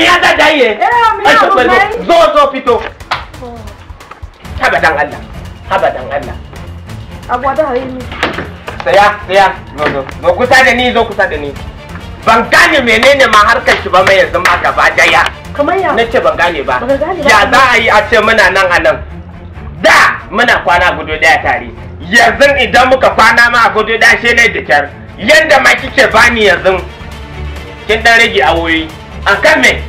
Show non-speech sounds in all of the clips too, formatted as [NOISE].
yasa ta yi eh ai balbo zo zo fito haba dan Allah haba dan Allah agwa da hayi ni tsaya tsaya zo zo kusa da ni zo kusa da ni ban gane menene ma harkar shi ba mai yanzu ma gaba daya kamar ya nace ban gane ba ya za a yi a ce muna nan a nan da muna kwana gudu daya tare yanzu idan muka kwana ma a gudu daya shi ne da kyar yadda ma kike bani yanzu kin dan rage awoyi a kan me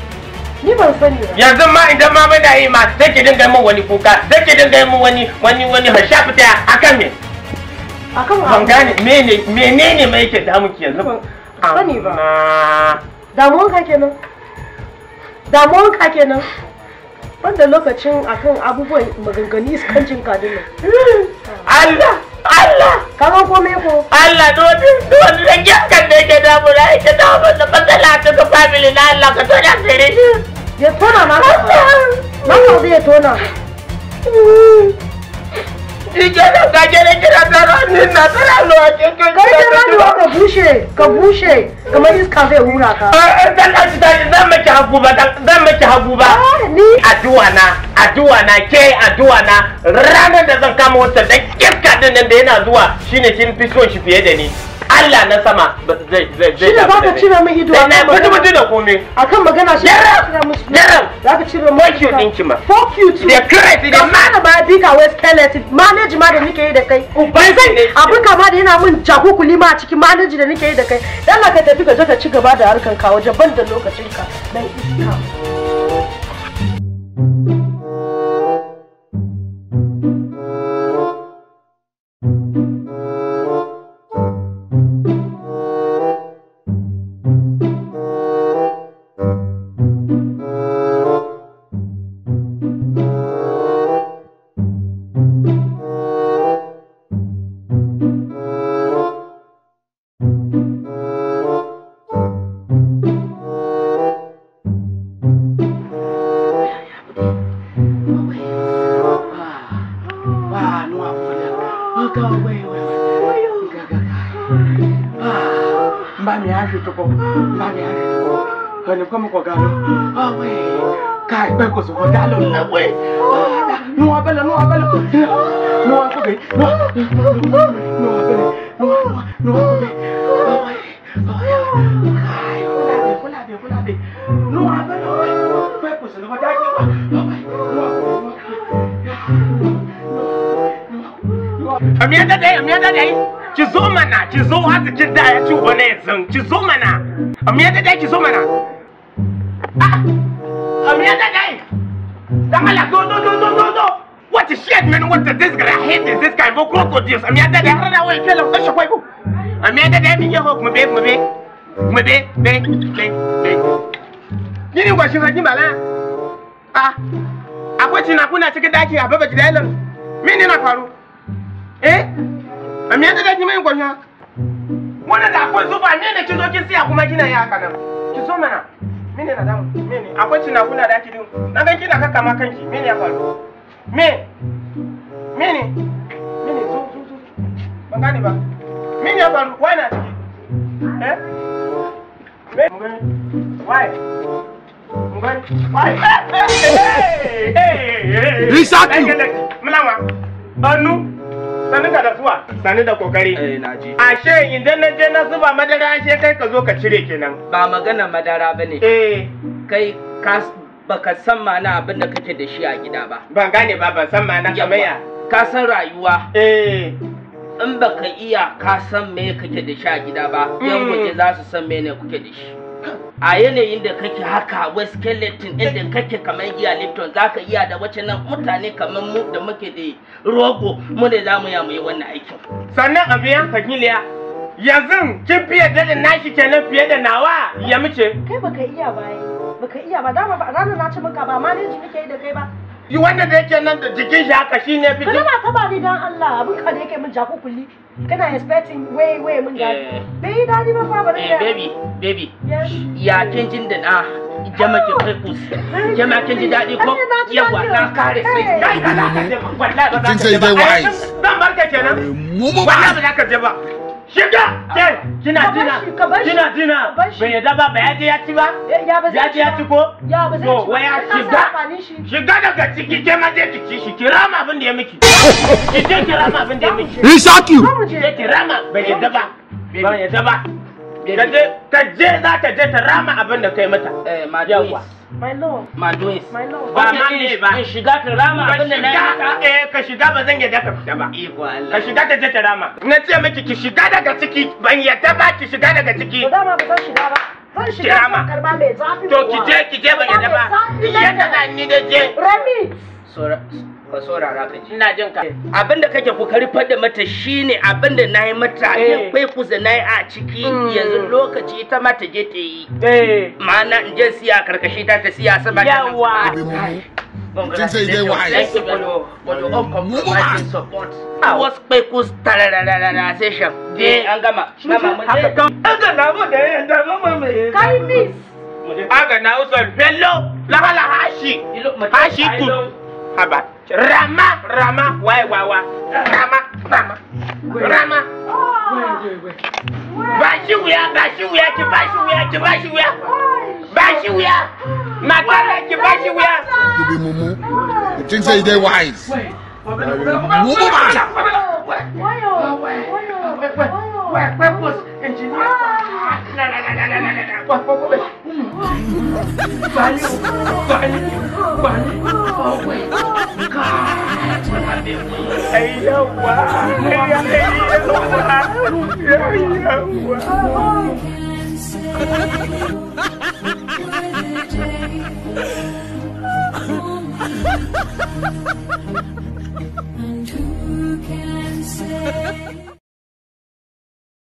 ni ban sani ba yanzu ma idan ma yi ma sai ki dinga min wani kuka sai ki dinga min wani wani wani hasha fita a kan me akan ban gane menene menene mai damu ki yanzu sani ba damuwan ka kenan damuwan ka kenan banda lokacin akan abubuwan maganganu iskancin [LAUGHS] kaduna Allah Allah kaman komai ko Allah do do dan yankan da yake da mu da yake da mu da matsala ta ga family na Allah ka tona sirri ya tona ma mama zai tona Ike da gaje da kira da ranin na tana lokacin kai da ranuwa ka bushe ka bushe kamar iska zai hura ka. Dan a ci zan maki hakuma dan da hagu ba a addu'a na addu'a na ke addu'a na ranar da zan kama wata dan kirka din nan da yana zuwa shine kin fi son shi fiye da ni Allah na sama zai zai zai da baka cire min ido na mutum mutum da komai akan magana shi yaram yaram zaka cire min fuck you ki ma fuck you too the credit the man ba ka wai skeleton manage ma da nake yi da kai ban san abin kama da yana min jakukuli ma a cikin manage da nake yi da kai dan ka tafi ka je ka ci gaba da harkan ka wajen ban da lokacin ka dan iska Away, Mbami afi tuko. Mbami afi tuko. Kani kwa mko galo. Awe. Kai pe ko so ko galo na we. Nu abele nu abele. Nu akobe. Nu. Nu abele. Nu nu akobe. Awe. Awe. Kai. Kula be kula be kula be. Nu abele. Amiya da dai, amiya da dai. Ki zo mana, ki zo arzikin da ya ci wani yanzu. Ki zo mana. Amiya da dai ki zo mana. Ah! Amiya da dai. Dan Allah go go go go go. What is shit man? What is this guy? I hate this, this guy. Go crocodiles. Amiya da dai har da wai kela kashe kwai ko. Amiya da dai min yaho mu be mu be. Mu be be be be. Yini gwashin hakin bala. Ah! Akwai cina kuna cikin daki a babaji min Mene na faru? eh amene da jimai gwanya wannan da akwai zuba ne ne kizo kin siya kuma kina yi haka nan ki mene na damu mene akwai cina kuna da na gan ka kaka ma kanki ya faru me mene mene zo zo zo ban ba mene ya faru wai na ciki eh wai wai Sani ka da zuwa, sani da kokari. Eh, ashe idan na je na zuba madara ashe kai ka zo ka cire kenan. Ba magana madara bane. Eh. Kai ka baka san mana abin da kake da shi a gida ba. Ban gane ba ban san mana kamar ya. Ka san rayuwa. Eh. In baka iya ka san me kake da shi a gida ba, yan mm. waje za su san me ne kuke da shi. a yanayin da kake haka west skeleton inda kake kamar iya lipton za ka iya da wacce nan mutane kamar mu da muke da rogo mu ne za mu ya yi wannan aikin sannan abu yan fagiliya yanzu kin fiye da nashi kenan fiye da nawa ya muce kai baka iya ba baka iya ba dama ba ranar na ci maka ba ma ne nake yi da kai ba yi wanda da yake nan da jikin shi haka shi ne fitin kana taba ni dan Allah abin ka da yake min jaku kulli kana expecting way way min dadi eh. bai dadi ba fa bari da eh, baby baby ya kin jin da na jama ki focus jama kin ji dadi ko yawa na kare sai dai da ka eh, wallahi ba za ka je ba kin sai dai wise dan barka kenan mu ba Shiga! Kai, kina tina, kina tina, bai ba, ba yaje ya ci ba? Ya je ya ci ko? Ya ba zai ci ba. Waya shiga! Shiga daga ciki ke ma zai ki shi, kira ma abin da ya miki. Ki je kira ma abin da ya miki. He shot you! kira ma, ba, ba. Ka je, za ta je ta rama abin da kai mata. Eh, My love. My Joyce. My love. Ba ma ne ba. In shiga ta rama abin da na yi ta. Eh ka shiga ba zan yadda ka fita ba. Iko eh, Allah. Ka shiga ta je ta rama. Na ce miki ki shiga daga ciki ban yadda ba ki shiga daga ciki. Ba dama ba zan shiga ba. Zan shiga karba mai zafi. To ki je ki je ban yadda ba. Yadda na ni da je. Rami. ka saurara ka ji ina jin ka abinda kake kokari fada mata shine abinda nayi mata eh. ne kai da nayi a ciki mm. yanzu lokaci ita ma ta je ta yi eh. ma'ana in je siya karkashi ta ta siya sama yawa Cin sai dai Wasu Je an gama. Gama je. na mu da yin da mama Kai Aga na usar bello lahala hashi. Hashi kun. Haba. Rama, Rama, wae wawa. Rama, Rama. Rama. Bashu ya, bashu ya, ki bashu ya, ki bashu ya. Bashu ya. Makara ki bashu ya. You be mumu. You think say they wise. Mumu man. w 管理管理管理后悔，哎呀我，哎呀哎呀我，哎呀我。